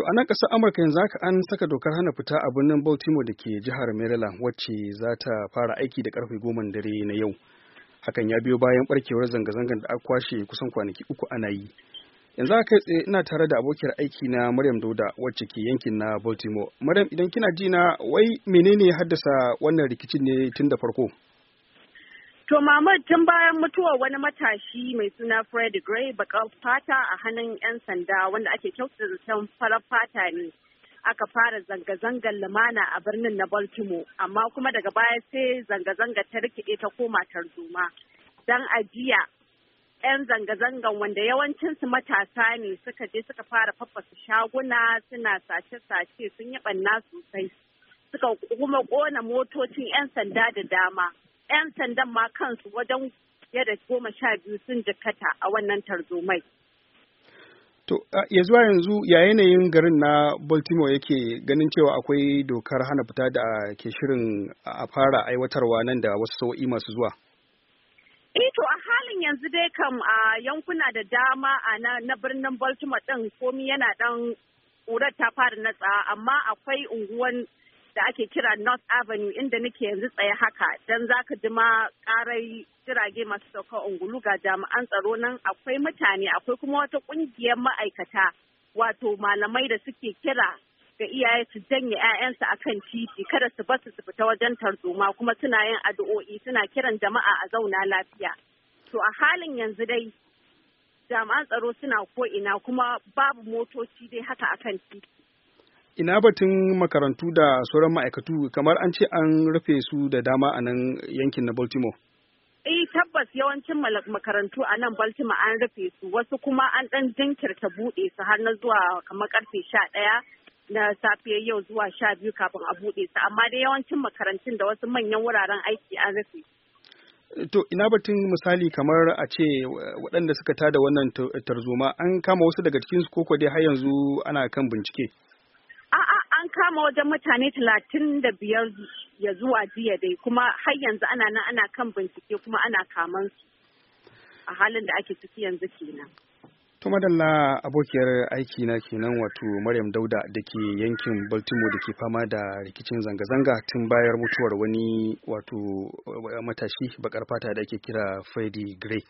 To a nan ƙasar Amurka yanzu haka an saka dokar hana fita a birnin Baltimore da ke jihar Maryland wacce za ta fara aiki da ƙarfe goma dare na yau. Hakan ya biyo bayan barkewar zanga-zangar da aka kwashe kusan kwanaki uku ana yi. Yanzu haka kai tsaye ina tare da abokiyar aiki na Maryam Dauda wacce ke yankin na Baltimore. Maryam idan kina ji na wai menene ya haddasa wannan rikicin ne tun da farko? To Mamad tun bayan mutuwar wani matashi mai suna Fred Gray bakar fata a hannun 'yan sanda wanda ake da zaton farar fata ne aka fara zanga-zangar lumana a birnin na Baltimore amma kuma daga baya sai zanga-zanga ta rikide ta koma tarzoma. Don ajiya 'yan zanga-zangan wanda yawancinsu matasa ne suka je suka fara faffasa shaguna suna sace-sace sun yi ɓanna sosai suka kuma ƙona motocin 'yan sanda da dama. 'yan sandan ma kansu wajen fiye da goma sha biyu sun jikata a wannan tarzomai. To, ya zuwa yanzu ya yanayin garin na Baltimore yake ganin cewa akwai dokar hana fita da ke shirin a fara aiwatarwa nan da wasu sau'i masu zuwa. Eh, to a halin yanzu dai kam a yankuna da dama a na birnin Baltimore ɗin komi yana ɗan ƙurar ta fara natsa amma akwai unguwan da ake kira North Avenue inda nake yanzu tsaye haka don za ka ji ma karai jirage masu sauka ungulu ga jami'an tsaro nan akwai mutane akwai kuma wata ƙungiyar ma'aikata wato malamai da suke kira ga iyaye su janye 'ya'yansu a kan titi kada su basu su fita wajen tarzoma kuma suna yin addu'o'i suna kiran jama'a a zauna lafiya. To a halin yanzu dai jami'an tsaro suna ko'ina kuma babu motoci dai haka akan titi. ina batun makarantu da sauran ma'aikatu kamar an ce an rufe su da dama a nan yankin na baltimore Eh tabbas yawancin makarantu a nan Baltimore an rufe su wasu kuma an ɗan jinkirta buɗe su har na zuwa kamar karfe sha ɗaya na safiya yau zuwa sha biyu kafin a buɗe su amma dai yawancin makarantun da wasu manyan wuraren aiki an rufe. To ina batun misali kamar a ce waɗanda suka tada wannan tarzoma an kama wasu daga cikinsu ko dai har yanzu ana kan bincike. kama wajen mutane talatin da biyar ya zuwa jiya dai kuma har yanzu ana nan ana kan bincike kuma ana kaman su a halin da ake ciki yanzu kenan. To madalla abokiyar aiki na kenan wato Maryam Dauda da ke yankin Baltimore da ke fama da rikicin zanga-zanga tun bayar mutuwar wani wato matashi bakar fata da ake kira Freddie Gray.